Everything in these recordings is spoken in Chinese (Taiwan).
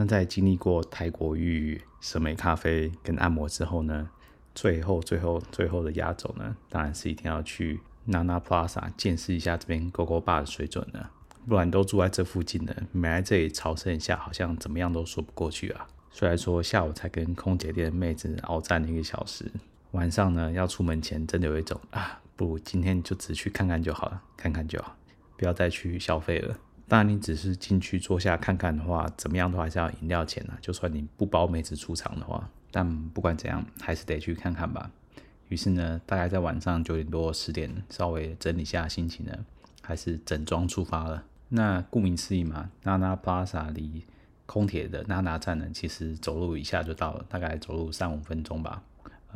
那在經歷過泰國浴、審美咖啡跟按摩之後呢，最後最後最後的壓軸呢，當然是一定要去 Nana Plaza 見識一下這邊 Gogo bar 的水準了。不然都住在這附近了，沒來這裡朝聖一下，好像怎麼樣都說不過去啊。雖然說下午才跟空姐店的妹子鏖戰了一個小時，晚上呢要出門前，真的有一種啊，不如今天就只去看看就好了，看看就好，不要再去消費了。當然，你只是進去坐下看看的話，怎麼樣都還是要飲料錢呢、啊。就算你不包妹子出場的話，但不管怎樣，還是得去看看吧。於是呢，大概在晚上九點多十點，稍微整理一下心情呢，還是整裝出發了。那顧名思義嘛，娜娜 Plaza 離空鐵的娜娜站呢，其實走路一下就到了，大概走路三五分鐘吧。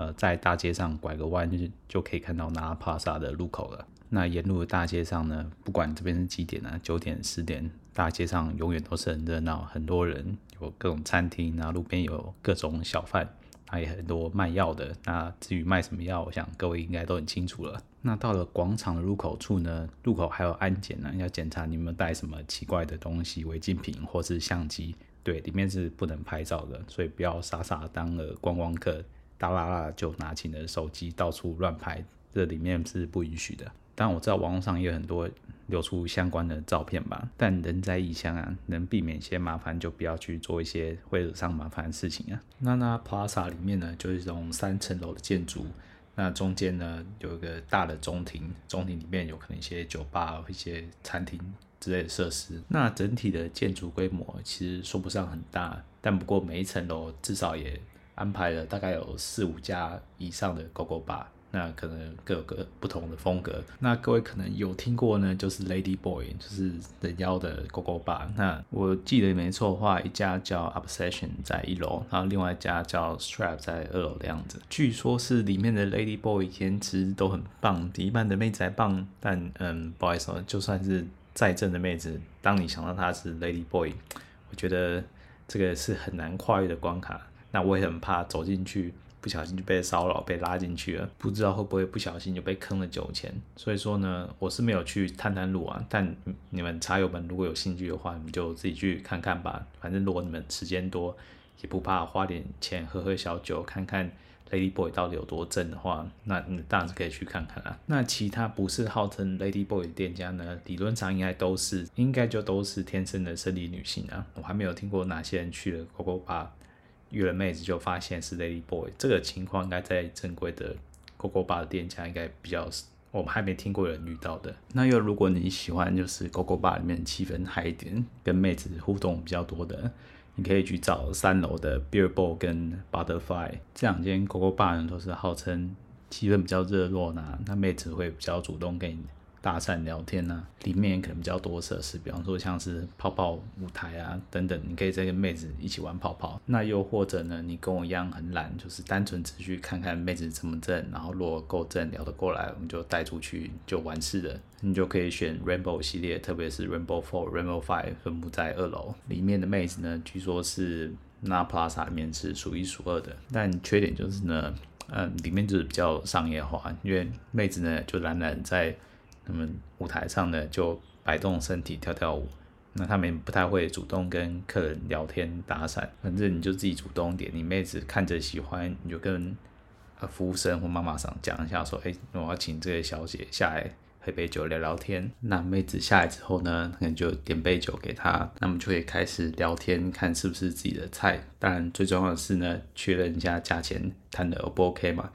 呃，在大街上拐個彎就就可以看到 Nana Plaza 的路口了。那沿路的大街上呢，不管這邊是幾點呢、啊，九點、十點，大街上永遠都是很熱鬧，很多人，有各種餐廳，然後路邊有各種小販，還、啊、有很多賣藥的。那至於賣什麼藥，我想各位應該都很清楚了。那到了廣場的入口處呢，入口還有安檢呢、啊，要檢查你們帶什麼奇怪的東西，違禁品或是相機。對，裡面是不能拍照的，所以不要傻傻當了觀光客。大喇喇，就拿起了手機到處亂拍，這裡面是不允許的。但我知道網絡上也有很多流出相關的照片吧。但人在異鄉啊，能避免一些麻煩就不要去做一些會惹上麻煩的事情啊。那那 Plaza 裡面呢，就是這種三層樓的建築。那中間呢有一個大的中庭，中庭裡面有可能一些酒吧、一些餐廳之類的設施。那整體的建築規模其實說不上很大，但不過每一層樓至少也。安排了大概有四五家以上的 Go Go Bar 那可能各有各不同的風格。那各位可能有聽過呢，就是 Lady Boy，就是人妖的 Go Go Bar 那我記得沒錯的話，一家叫 Obsession 在一樓，然後另外一家叫 Strap 在二樓的樣子。據說是裡面的 Lady Boy 顏值都很棒，比一般的妹子還棒。但嗯，不好意思喔，就算是再正的妹子，當你想到她是 Lady Boy，我覺得這個是很難跨越的關卡。那我也很怕走進去，不小心就被騷擾、被拉進去了，不知道會不會不小心就被坑了酒錢。所以說呢，我是沒有去探探路啊。但你們茶友們如果有興趣的話，你們就自己去看看吧。反正如果你們時間多，也不怕花點錢喝喝小酒，看看 Lady Boy 到底有多正的話，那你當然是可以去看看啦、啊。那其他不是號稱 Lady Boy 的店家呢，理論上應該都是，應該就都是天生的生理女性啊。我還沒有聽過哪些人去了 Go Go Bar 遇了妹子，就發現是 Lady Boy，這個情況應該在正規的 Go Go Bar 的店家應該比較，我們還沒聽過有人遇到的。那又如果你喜歡就是 Go Go Bar 裡面氣氛嗨一點，跟妹子互動比較多的，你可以去找三樓的 Billboard 跟 Butterfly 這兩間 Go Go Bar 呢，都是號稱氣氛比較熱絡呢、啊，那妹子會比較主動給你。搭訕聊天啊，裡面可能比較多設施，比方說像是泡泡舞台啊等等，你可以再跟妹子一起玩泡泡。那又或者呢，你跟我一樣很懶，就是單純只去看看妹子怎麼正，然後如果夠正聊得過來，我們就帶出去就完事了。你就可以選 Rainbow 系列，特別是 4, Rainbow Four、Rainbow Five 分佈在二樓裡面的妹子呢，據說是 Nana Plaza 裡面是數一數二的，但缺點就是呢，嗯，裡面就是比較商業化，因為妹子呢就懶懶在。那麼舞台上呢，就擺動身體跳跳舞。那他們不太會主動跟客人聊天打傘，反正你就自己主動點。你妹子看着喜歡，你就跟呃服務生或媽媽桑講一下，說：“哎、欸，我要請這位小姐下來喝杯酒聊聊天。”那妹子下來之後呢，可能就點杯酒給她，那麼就可以開始聊天，看是不是自己的菜。當然，最重要的是呢，確認一下價錢談得 O 不 OK 嘛。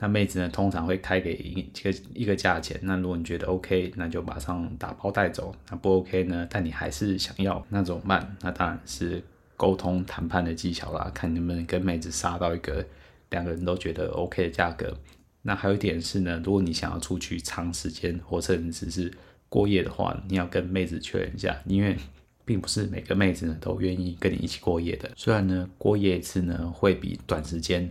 那妹子呢，通常會開給一個一個，一個價錢。那如果你覺得 OK，那就馬上打包帶走。那不 OK 呢？但你還是想要，那怎麼辦？那當然是溝通談判的技巧啦，看能不能跟妹子殺到一個兩個人都覺得 OK 的價格。那還有一點是呢，如果你想要出去長時間，或者只是過夜的話，你要跟妹子確認一下，因為並不是每個妹子呢都願意跟你一起過夜的。雖然呢，過夜一次呢會比短時間。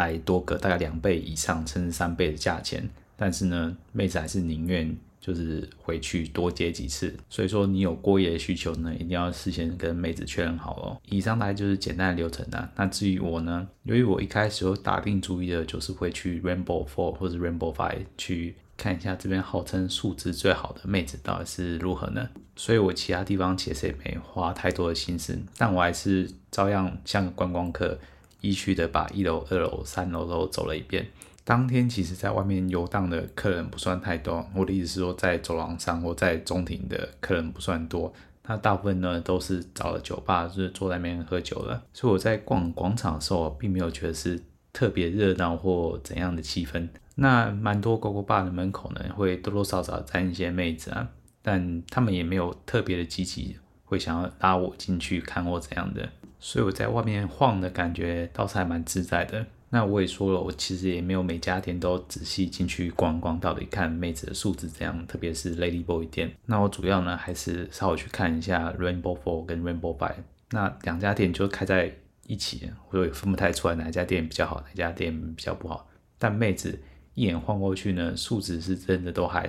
再多個大概兩倍以上，甚至三倍的價錢，但是呢，妹子還是寧願就是回去多接幾次。所以說，你有過夜的需求呢，一定要事先跟妹子確認好哦。以上大概就是簡單的流程啦。那至於我呢，由於我一開始有打定主意的就是會去 Rainbow Four 或者 Rainbow Five 去看一下這邊號稱素質最好的妹子到底是如何呢，所以我其他地方其實也沒花太多的心思，但我還是照樣像個觀光客。一區的把一樓、二樓、三樓都走了一遍。當天其實在外面游蕩的客人不算太多，我的意思是說，在走廊上或在中庭的客人不算多。那大部分呢都是找了酒吧，就是坐在那邊喝酒了。所以我在逛廣場的時候，並沒有覺得是特別熱鬧或怎樣的氣氛。那蠻多 Gogobar 的門口呢，會多多少少站一些妹子啊，但他們也沒有特別的積極，會想要拉我進去看或怎樣的。所以我在外面晃的感覺倒是還蠻自在的。那我也說了，我其實也沒有每家店都仔細進去逛逛，到底看妹子的素質怎樣，特別是 Lady Boy 店。那我主要呢還是稍微去看一下 Rainbow Four 跟 Rainbow Five。那兩家店就開在一起，我也分不太出來哪家店比較好，哪家店比較不好。但妹子一眼晃過去呢，素質是真的都還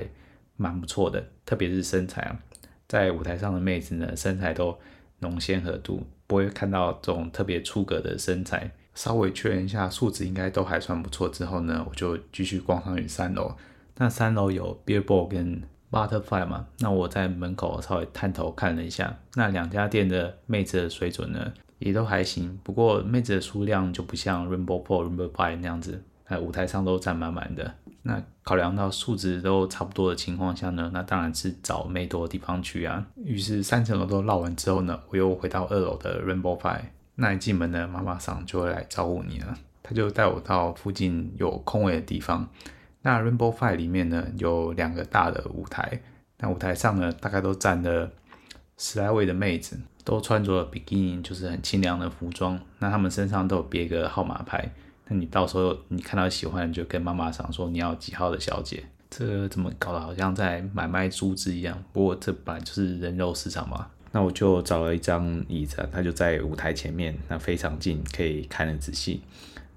蠻不錯的，特別是身材啊，在舞台上的妹子呢，身材都穠纖合度。不會看到這種特別出格的身材。稍微確認一下素質應該都還算不錯之後呢，我就繼續逛上去三樓。那三樓有 Beerball 跟 Butterfly 嘛。那我在門口稍微探頭看了一下，那兩家店的妹子的水準呢，也都還行。不過妹子的數量就不像 Rainbow Pool、Rainbow Pie 那樣子，哎，舞台上都站滿滿的。那考量到素質都差不多的情況下呢，那當然是找妹多的地方去啊。於是三層樓都繞完之後呢，我又回到二樓的 Rainbow Five。那一進門呢，媽媽桑就會來招呼你了。她就帶我到附近有空位的地方。那 Rainbow Five 裡面呢，有兩個大的舞台。那舞台上呢，大概都站了十來位的妹子，都穿着 bikini，就是很清涼的服裝。那她們身上都有別個號碼牌。那你到時候你看到喜歡就跟媽媽講說你要幾號的小姐，這個、怎麼搞的？好像在買賣珠子一樣。不過這本來就是人肉市場嘛。那我就找了一張椅子，啊，他就在舞台前面，那非常近，可以看得仔細。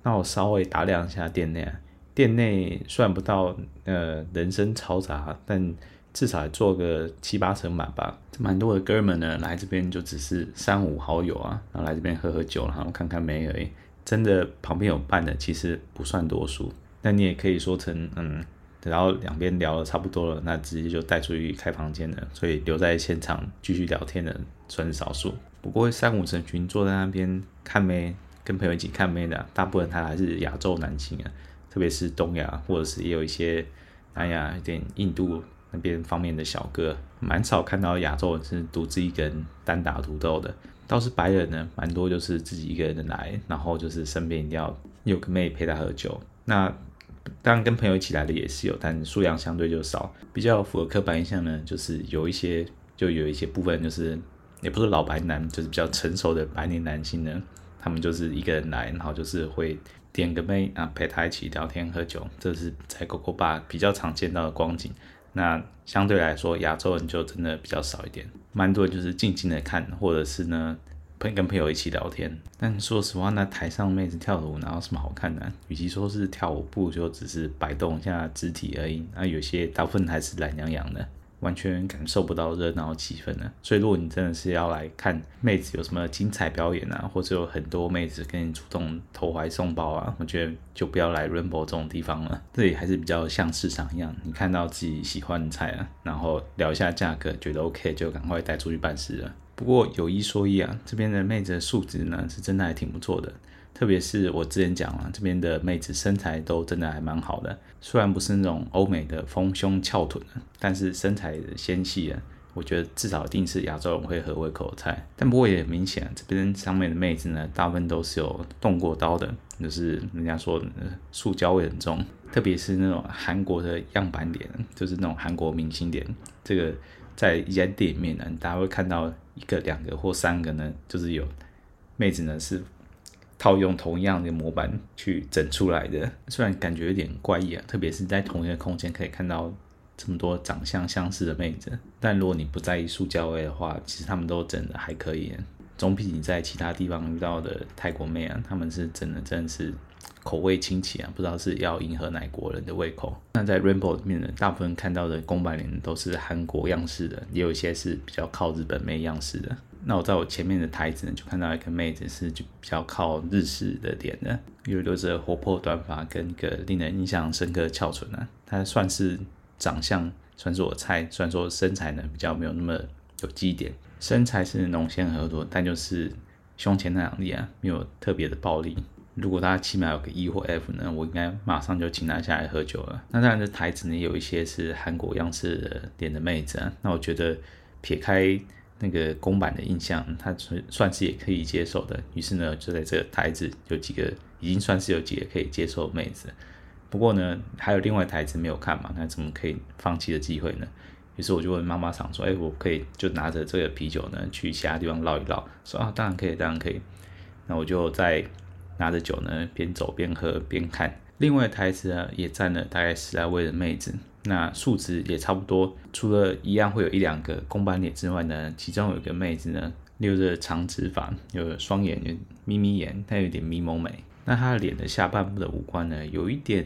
那我稍微打量一下店內，啊，店內算不到呃人聲嘈雜，但至少坐個七八成滿吧。蠻多的哥們呢來這邊就只是三五好友啊，然後來這邊喝喝酒，然後看看妹而已。真的旁邊有伴的，其實不算多數。那你也可以說成，嗯，然後兩邊聊得差不多了，那直接就帶出去開房間了。所以留在現場繼續聊天的，算少數。不過三五成群坐在那邊看妹，跟朋友一起看妹的啊，大部分他還是亞洲男性啊，特別是東亞，或者是也有一些南亞、一點印度那邊方面的小哥，蠻少看到亞洲人是獨自一個人單打獨鬥的。倒是白人呢，蠻多就是自己一個人來，然後就是身邊一定要有個妹陪他喝酒。那當然跟朋友一起來的也是有，但數量相對就少。比較符合刻板印象呢，就是有一些，就有一些部分就是，也不是老白男，就是比較成熟的白領男性呢，他們就是一個人來，然後就是會點個妹啊陪他一起聊天喝酒，這是在 Gogo Bar 比較常見到的光景。那相對來說，亞洲人就真的比較少一點。蠻多就是靜靜的看，或者是呢，朋跟朋友一起聊天。但說實話，那台上妹子跳舞，哪有什麼好看的啊？與其說是跳舞，不如就只是擺動一下肢體而已。那有些大部分還是懶洋洋的。完全感受不到熱鬧氣氛了啊，所以如果你真的是要來看妹子有什麼精彩表演啊，或者有很多妹子跟你主動投懷送抱啊，我覺得就不要來 Rainbow 這種地方了。這裡還是比較像市場一樣，你看到自己喜歡的菜啊，然後聊一下價格，覺得 OK 就趕快帶出去辦事了。不過有一說一啊，這邊的妹子的素質呢是真的還挺不錯的。特別是我之前講了，這邊的妹子身材都真的還蠻好的，雖然不是那種歐美的豐胸翹臀，但是身材纖細啊，我覺得至少一定是亞洲人會合胃口的菜。但不過也很明顯，這邊上面的妹子呢，大部分都是有動過刀的，就是人家說的塑膠味很重，特別是那種韓國的樣板臉，就是那種韓國明星臉。這個在一家店裡面呢，大家會看到一個、兩個或三個呢，就是有妹子呢是。套用同樣的模板去整出來的，雖然感覺有點怪異啊，特別是在同一個空間可以看到這麼多長相相似的妹子，但如果你不在意塑膠味的話，其實他們都整的還可以，總比你在其他地方遇到的泰國妹啊，她們是整得真的是口味清奇啊，不知道是要迎合哪國人的胃口。那在 Rainbow 裡面呢，大部分看到的公版臉都是韓國樣式的，也有一些是比較靠日本妹樣式的。那我在我前面的台子呢，就看到一個妹子是就比較靠日式的臉的，有留着活潑短髮跟一個令人印象深刻的翹唇呢、啊。她算是長相算是我的菜，雖然說身材呢比較沒有那麼有基點，身材是濃纖合度，但就是胸前那兩粒啊沒有特別的暴力。如果她起碼有個 E 或 F 呢，我應該馬上就請她下來喝酒了。那當然，這台子呢有一些是韓國樣式的臉的妹子啊。那我覺得撇開。那個公版的印象，他算算是，也可以接受的。於是呢，就在這個台子有幾個，已經算是有幾個可以接受的妹子。不過呢，還有另外台子沒有看嘛，那怎麼可以放棄的機會呢？於是我就問媽媽桑說：“哎、欸，我可以就拿着這個啤酒呢，去其他地方繞一繞。”說：“啊，當然可以，當然可以。”那我就在拿着酒呢，邊走邊喝邊看。另外的台子呢，也站了大概十來位的妹子。那數值也差不多，除了一樣會有一兩個公版臉之外呢，其中有一個妹子呢，留着長直髮，有雙眼有眯眯眼，她有點迷蒙美。那她的臉的下半部的五官呢，有一點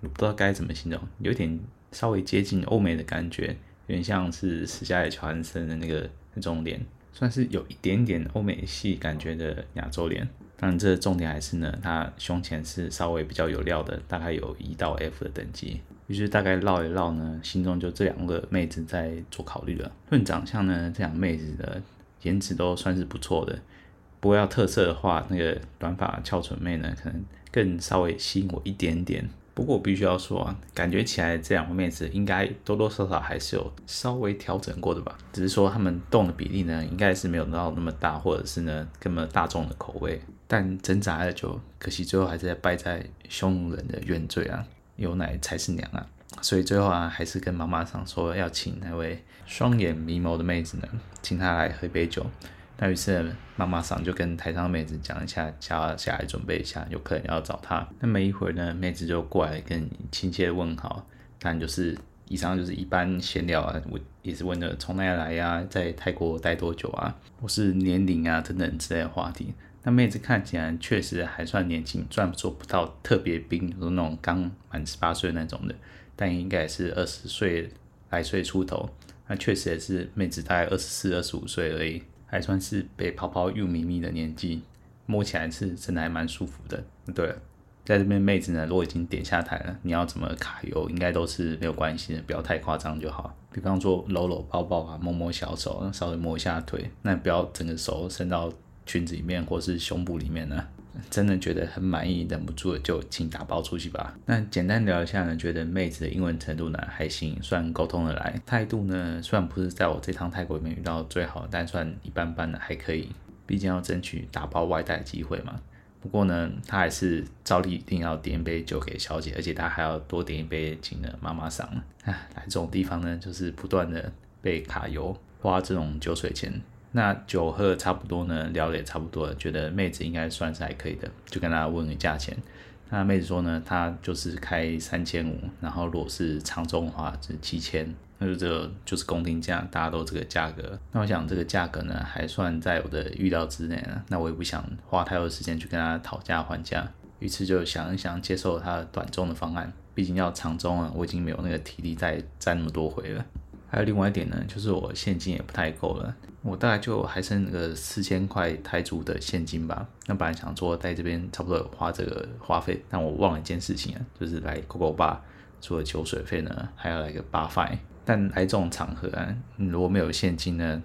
我不知道該怎麼形容，有點稍微接近歐美的感覺，有點像是史嘉蕾喬韓森的那個那種臉，算是有一點點歐美系感覺的亞洲臉。但這個重點還是呢，她胸前是稍微比較有料的，大概有一到 F 的等級。於、就是大概繞一繞呢，心中就這兩個妹子在做考慮了。論長相呢，這兩妹子的顏值都算是不錯的，不過要特色的話，那個短髮翹唇妹呢，可能更稍微吸引我一點點。不過我必須要說啊，感覺起來這兩位妹子應該多多少少還是有稍微調整過的吧，只是說他們動的比例呢，應該是沒有到那麼大，或者是呢，那麼大眾的口味。但掙扎了就可惜最後還是在敗在匈奴人的原罪啊，有奶才是娘啊！所以最後啊，還是跟媽媽上說要請那位雙眼迷茫的妹子呢，請她來喝一杯酒。那於是媽媽桑就跟台上的妹子講一下，加下來準備一下，有可能要找她。那麼一會兒呢，妹子就過來跟你親切問好。當然就是以上就是一般閒聊啊，我也是問了從哪來呀、啊，在泰國待多久啊，或是年齡啊等等之類的話題。那妹子看起來確實還算年輕，雖然說不到特別冰，就那種剛滿十八歲那種的，但應該也是二十歲來歲出頭。那確實也是妹子大概二十四、二十五歲而已。還算是被泡泡又迷迷的年紀，摸起來是真的還蠻舒服的。對了，在這邊妹子呢，如果已經點下台了，你要怎麼卡油，應該都是沒有關係的，不要太誇張就好。比方說摟摟抱抱啊，摸摸小手，稍微摸一下腿，那不要整個手伸到裙子裡面或是胸部裡面呢、啊。真的覺得很滿意，忍不住就請打包出去吧。那簡單聊一下呢，覺得妹子的英文程度呢還行，算溝通的來。態度呢，雖然不是在我這趟泰國裡面遇到最好，但算一般般的，還可以。畢竟要爭取打包外帶的機會嘛。不過呢，他還是照例一定要點一杯酒給小姐，而且他還要多點一杯，請了媽媽桑。哎，來這種地方呢，就是不斷的被揩油，花這種酒水錢。那酒喝的差不多呢，聊的也差不多了，覺得妹子應該算是還可以的，就跟她問個價錢。那妹子說呢，她就是開三千五，然後如果是長中的話是七千，那就這就是公定價，大家都這個價格。那我想這個價格呢，還算在我的預料之內，那我也不想花太多的時間去跟她討價還價，於是就想一想接受她短中的方案，畢竟要長中啊，我已經沒有那個體力再再那麼多回了。還有另外一點呢，就是我現金也不太夠了，我大概就還剩個四千塊泰銖的現金吧。那本來想說在這邊差不多有花這個花費，但我忘了一件事情啊，就是來 Gogobar 除了酒水費呢，還要來個 Bar fee。但來這種場合啊，如果沒有現金呢，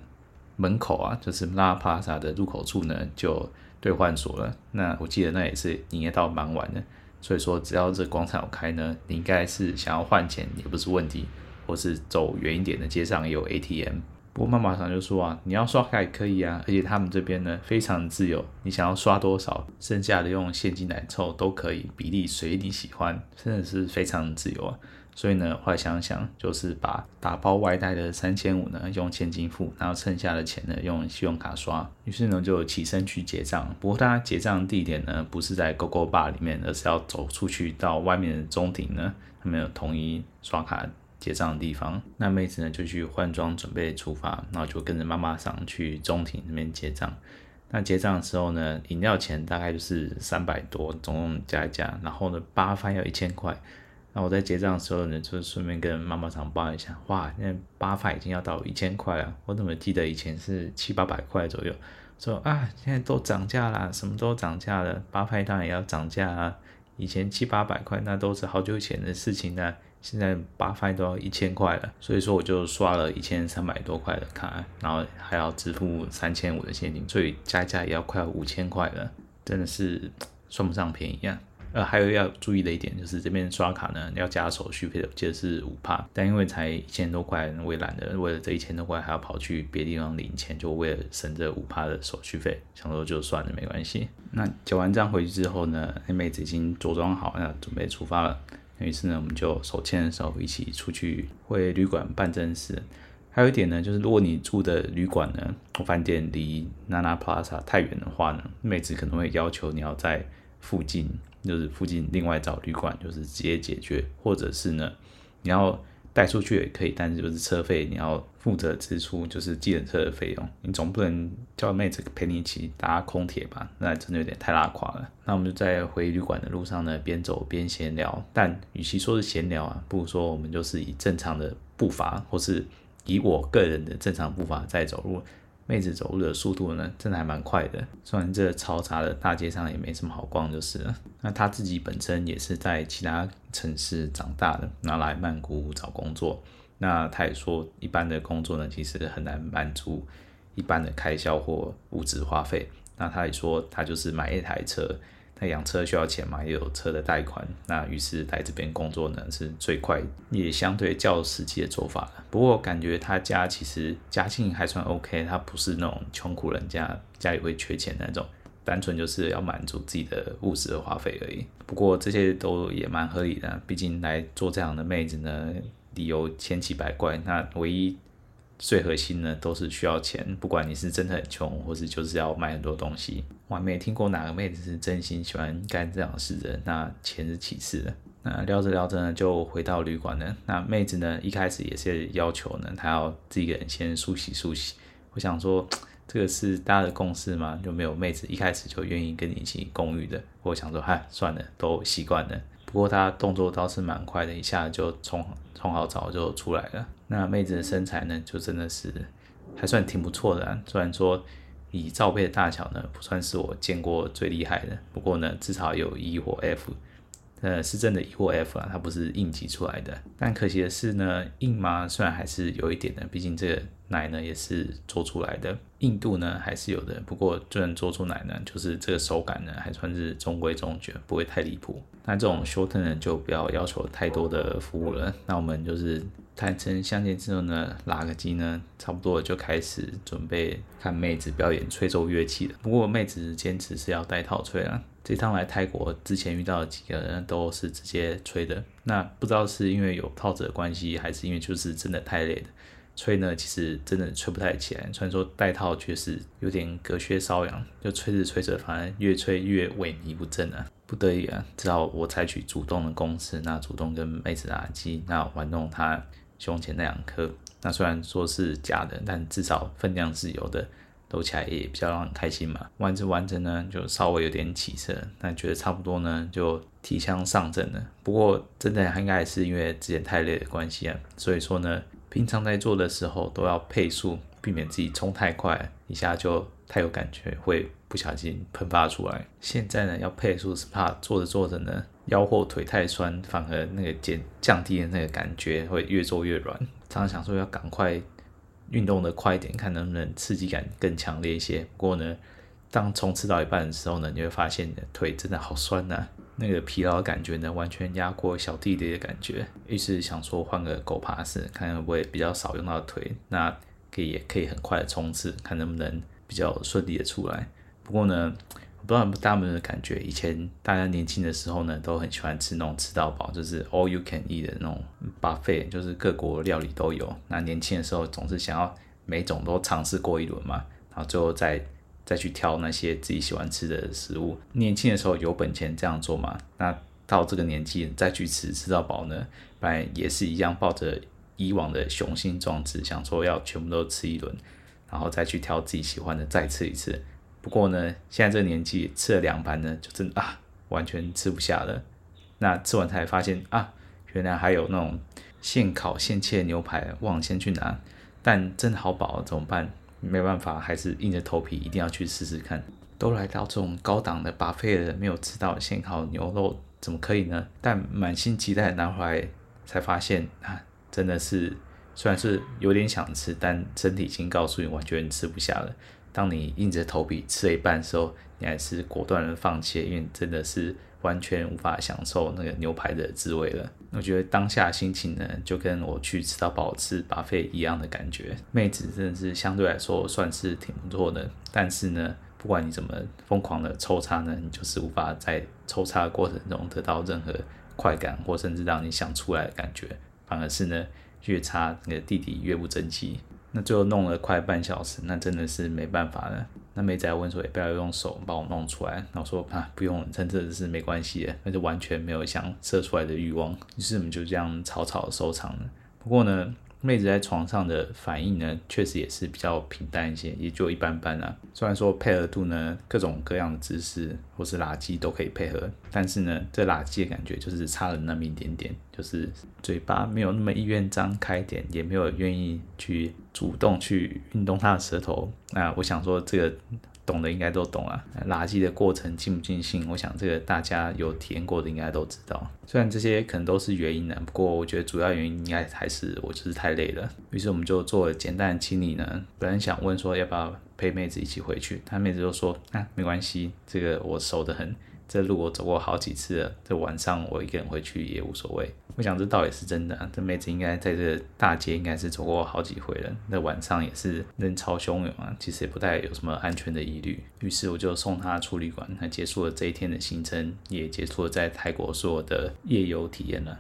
門口啊，就是拉帕薩的入口處呢就兌換所了。那我記得那也是營業到蠻晚的，所以說只要這廣場有開呢，你應該是想要換錢也不是問題。或是走遠一點的街上也有 ATM，不過媽媽桑就說啊，你要刷卡也可以啊，而且他們這邊呢非常自由，你想要刷多少，剩下的用現金來湊都可以，比例隨你喜歡，真的是非常自由啊。所以呢，後來想想，就是把打包外帶的三千五呢用現金付，然後剩下的錢呢用信用卡刷。於是呢就起身去結賬，不過他結賬的地點呢不是在 Gogo Bar 裡面，而是要走出去到外面的中庭呢，他們有統一刷卡。結賬的地方，那妹子呢就去換裝準備出發，然後就跟着媽媽桑，去中庭那邊結賬。那結賬的時候呢，飲料錢大概就是三百多，總共加一加，然後呢 bar fine 要一千塊。那我在結賬的時候呢，就順便跟媽媽桑抱怨一下，哇，那 bar fine 已經要到一千塊了，我怎麼記得以前是七八百塊左右？說啊，現在都漲價了，什麼都漲價了，bar fine 當然也要漲價啊。以前七八百塊，那都是好久以前的事情呢、啊、現在八費都要一千塊了，所以說我就刷了一千三百多塊的卡，然後還要支付三千五的現金，所以加價也要快要五千塊了，真的是算不上便宜啊。呃，還有要注意的一點就是，這邊刷卡呢，你要加手續費的，就是五趴。但因為才一千多塊，我也懶得為了這一千多塊還要跑去別地方領錢，就為了省這五趴的手續費，想說就算了沒關係。那結完賬回去之後呢，那妹子已經着裝好，那準備出發了。那於是呢，我們就手牽手一起出去，回旅館辦正事。還有一點呢，就是如果你住的旅館呢或飯店離 Nana Plaza 太遠的話呢，妹子可能會要求你要在附近。就是附近另外找旅館，就是直接解決，或者是呢，你要帶出去也可以，但是就是車費你要負責支出，就是計程車的費用，你總不能叫妹子陪你一起搭空鐵吧？那真的有點太拉垮了。那我們就在回旅館的路上呢，邊走邊閒聊，但與其說是閒聊啊，不如說我們就是以正常的步伐，或是以我個人的正常步伐在走路。妹子走路的速度呢，真的還蠻快的。雖然這嘈雜的大街上也沒什麼好逛，就是了。那她自己本身也是在其他城市長大的，然後來曼谷找工作。那她也說，一般的工作呢，其實很難滿足一般的開銷或物質花費。那她也說，她就是買一台車。那養車需要錢嘛，也有車的貸款，那於是來這邊工作呢，是最快也相對較實際的做法了。不過感覺他家其實家境還算 OK，他不是那種窮苦人家，家裡會缺錢的那種，單純就是要滿足自己的物質的花費而已。不過這些都也蠻合理的啊，畢竟來做這樣的妹子呢，理由千奇百怪。那唯一最核心的都是需要錢，不管你是真的很窮，或是就是要買很多東西。我沒聽過哪個妹子是真心喜歡幹這種事的，那錢是其次的。那聊着聊着呢，就回到旅館了。那妹子呢，一開始也是要求呢，她要自己個人先梳洗梳洗。我想說，這個是大家的共識嗎？就沒有妹子一開始就願意跟你一起共浴的。我想說，唉，算了，都習慣了。不過她動作倒是蠻快的，一下子就冲沖好澡就出來了。那妹子的身材呢，就真的是還算挺不錯的啊，雖然說。以罩杯的大小呢，不算是我見過最厲害的。不過呢，至少有 E 或 F，呃，是真的 E 或 F 啊，它不是硬擠出來的。但可惜的是呢，硬嘛，雖然還是有一點的，畢竟這個奶呢也是做出來的，硬度呢還是有的。不過，就能做出奶呢，就是這個手感呢，還算是中規中矩，不會太離譜。那這種 shorten 呢就不要要求太多的服務了。那我們就是。坦誠相見之後呢，拉個機呢，差不多就開始準備看妹子表演吹奏樂器了。不過妹子堅持是要帶套吹啊。這趟來泰國之前遇到的幾個人都是直接吹的。那不知道是因為有套子的關係，還是因為就是真的太累了，吹呢其實真的吹不太起來。雖然說帶套確實有點隔靴搔癢，就吹着吹着，反而越吹越萎靡不振了啊。不得已啊，只好我採取主動的攻勢，那主動跟妹子拉機，那玩弄她。胸前那兩顆，那雖然說是假的，但至少分量是有的，抖起來也比較讓人開心嘛。玩著玩著呢，就稍微有點起色，那覺得差不多呢，就提槍上陣了。不過真的應該也是因為之前太累的關係啊，所以說呢，平常在做的時候都要配速，避免自己衝太快，一下就太有感覺，會不小心噴發出來。現在呢，要配速是怕做着做着呢。腰或腿太酸，反而那個減降低的那個感覺會越做越軟。常常想說要趕快運動的快一點，看能不能刺激感更強烈一些。不過呢，當衝刺到一半的時候呢，你就會發現你的腿真的好酸吶、啊，那個疲勞的感覺呢，完全壓過小弟弟的感覺。於是想說換個狗爬式，看會不會比較少用到腿，那可以也可以很快的衝刺，看能不能比較順利的出來。不過呢。不知道大家有沒有感覺，以前大家年輕的時候呢，都很喜歡吃那種吃到飽，就是 all you can eat 的那種 buffet，就是各國料理都有。那年輕的時候總是想要每種都嘗試過一輪嘛，然後最後再再去挑那些自己喜歡吃的食物。年輕的時候有本錢這樣做嘛？那到這個年紀再去吃吃到飽呢，不然也是一樣抱着以往的雄心壯志，想說要全部都吃一輪，然後再去挑自己喜歡的再吃一次。不過呢，現在這個年紀吃了兩盤呢，就真啊完全吃不下了。那吃完才發現啊，原來還有那種現烤現切牛排，忘了先去拿。但真的好飽，怎麼辦？沒辦法，還是硬着頭皮一定要去試試看。都來到這種高檔的巴菲爾，沒有吃到現烤牛肉怎麼可以呢？但滿心期待拿回來，才發現啊，真的是雖然是有點想吃，但身體已經告訴你，完全吃不下了。當你硬着頭皮吃了一半的時候，你還是果斷的放棄，因為真的是完全無法享受那個牛排的滋味了。我覺得當下心情呢，就跟我去吃到飽吃 Buffet 一樣的感覺。妹子真的是相對來說算是挺不錯的，但是呢，不管你怎麼瘋狂的抽插呢，你就是無法在抽插過程中得到任何快感，或甚至讓你想出來的感覺，反而是呢越插你的弟弟越不爭氣。那最後弄了快半小時，那真的是沒辦法了。那美仔問說：“要不要用手幫我弄出來？”然後我說：“啊，不用，這真的是沒關係的，那就完全沒有想射出來的慾望。”於是我們就這樣草草收場了。不過呢，妹子在床上的反應呢，確實也是比較平淡一些，也就一般般啦。雖然說配合度呢，各種各樣的姿勢或是喇舌都可以配合，但是呢，這喇舌的感覺就是差了那麼一點點，就是嘴巴沒有那麼意願張開點，也沒有願意去主動去運動她的舌頭。那、呃、我想說這個。懂的應該都懂啊，垃圾的過程盡不盡興，我想這個大家有體驗過的應該都知道。雖然這些可能都是原因呢，不過我覺得主要原因應該還是我就是太累了。於是我們就做了簡單的清理呢，本來想問說要不要陪妹子一起回去，她妹子就說，啊，沒關係，這個我熟得很。這路我走過好幾次了，這晚上我一個人回去也無所謂。我想這倒也是真的啊，這妹子應該在這個大街應該是走過好幾回了。那晚上也是人潮洶湧啊，其實也不太有什麼安全的疑慮。於是我就送她出旅館，結束了這一天的行程，也結束了在泰國所有的夜遊體驗了。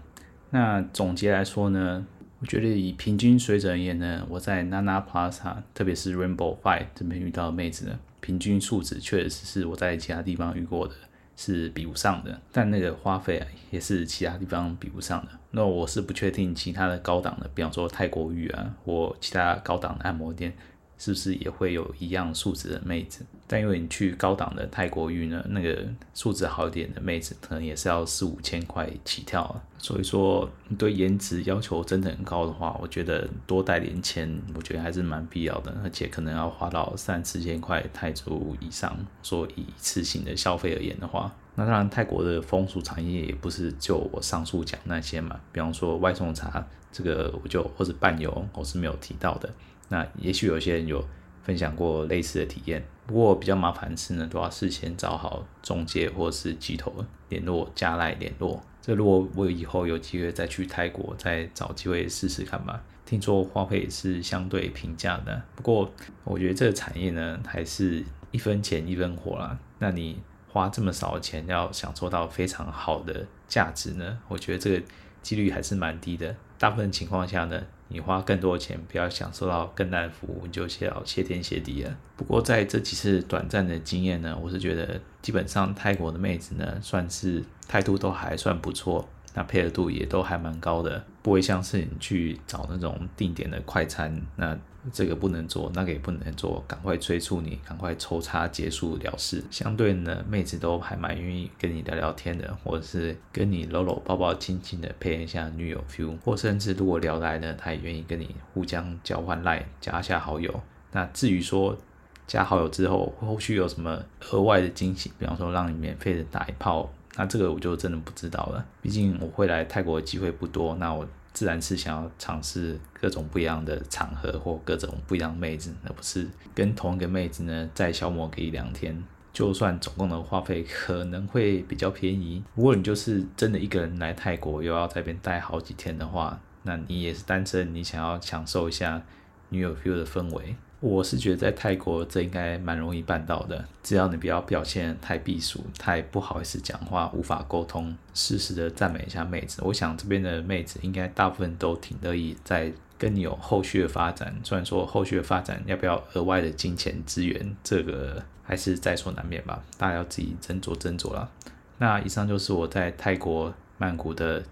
那總結來說呢，我覺得以平均水準而言呢，我在 Nana Plaza，特別是 Rainbow Five 這邊遇到的妹子呢，平均素質確實是我在其他地方遇過的是比不上的，但那個花費啊，也是其他地方比不上的。那我是不確定其他的高檔的，比方說泰國浴啊，或其他高檔的按摩店。是不是也會有一樣素質的妹子？但因為你去高檔的泰國浴呢，那個素質好一點的妹子可能也是要四五千塊起跳，啊、所以說，你對顏值要求真的很高的話，我覺得多帶點錢，我覺得還是蠻必要的。而且可能要花到三四千塊泰銖以上，所以一次性的消費而言的話，那當然泰國的風俗產業也不是就我上述講那些嘛。比方說外送茶，這個我就或者伴遊，我是沒有提到的。那也許有些人有分享過類似的體驗，不過比較麻煩的是呢，都要事先找好中介或是機頭聯絡加賴聯絡。這如果我以後有機會再去泰國，再找機會試試看吧。聽說花費是相對平價的，不過我覺得這個產業呢，還是一分錢一分貨啦。那你花這麼少錢要享受到非常好的價值呢？我覺得這個幾率還是蠻低的，大部分情況下呢。你花更多的錢，不要享受到更大的服務，你就需要謝天謝地了。不過在這幾次短暫的經驗呢，我是覺得基本上泰國的妹子呢，算是態度都還算不錯，那配合度也都還蠻高的，不會像是你去找那種定點的快餐那。這個不能做，那個也不能做，趕快催促你，趕快抽插結束了事。相對呢，妹子都還蠻願意跟你聊聊天的，或者是跟你摟摟抱抱、親親的配一下女友 feel，或甚至如果聊得來呢，她也願意跟你互相交換 line，加一下好友。那至於說加好友之後後續有什麼額外的驚喜，比方說讓你免費的打一炮，那這個我就真的不知道了。畢竟我會來泰國的機會不多，那我。自然是想要嘗試各種不一樣的場合，或各種不一樣妹子，而不是跟同一個妹子呢再消磨個一兩天。就算總共的花費可能會比較便宜，如果你就是真的一個人來泰國，又要在這邊待好幾天的話，那你也是單身，你想要享受一下女友 feel 的氛圍。我是覺得在泰國，這應該蠻容易辦到的，只要你不要表現太避俗，太不好意思講話，無法溝通，適時的讚美一下妹子，我想這邊的妹子應該大部分都挺樂意在跟你有後續的發展。雖然說後續的發展要不要額外的金錢資源，這個還是在所難免吧，大家要自己斟酌斟酌啦。那以上就是我在泰國曼谷的。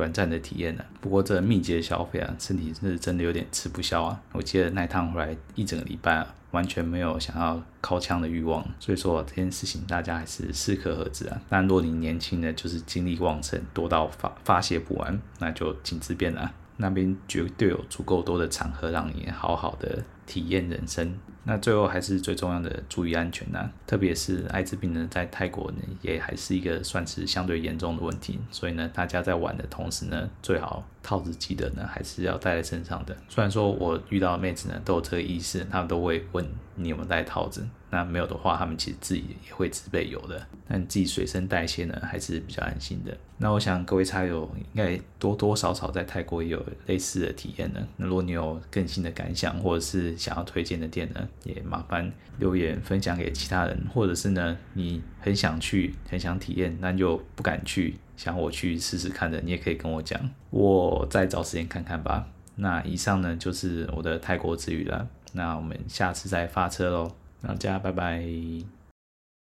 短暫的體驗了、啊，不過這密集的消費啊，身體是真的有點吃不消啊。我記得那一趟回來一整個禮拜、啊，完全沒有想要靠槍的欲望。所以說、啊、這件事情大家還是適可而止啊。但若你年輕呢，就是精力旺盛，多到發發泄不完，那就請自便啦那邊絕對有足夠多的場合讓你好好的體驗人生。那最後還是最重要的，注意安全吶、啊！特別是艾滋病呢，在泰國呢也還是一個算是相對嚴重的問題。所以呢，大家在玩的同時呢，最好套子記得呢還是要帶在身上的。雖然說我遇到的妹子呢都有這個意識，她們都會問你有沒有帶套子。那沒有的話，他們其實自己也會自備有的，但你自己隨身帶一些呢，還是比較安心的。那我想各位茶友應該多多少少在泰國也有類似的體驗呢。那如果你有更新的感想，或者是想要推薦的店呢，也麻煩留言分享給其他人，或者是呢，你很想去，很想體驗，但就不敢去，想我去試試看的，你也可以跟我講，我再找時間看看吧。那以上呢就是我的泰國之旅啦。那我們下次再發車嘍。大家拜拜。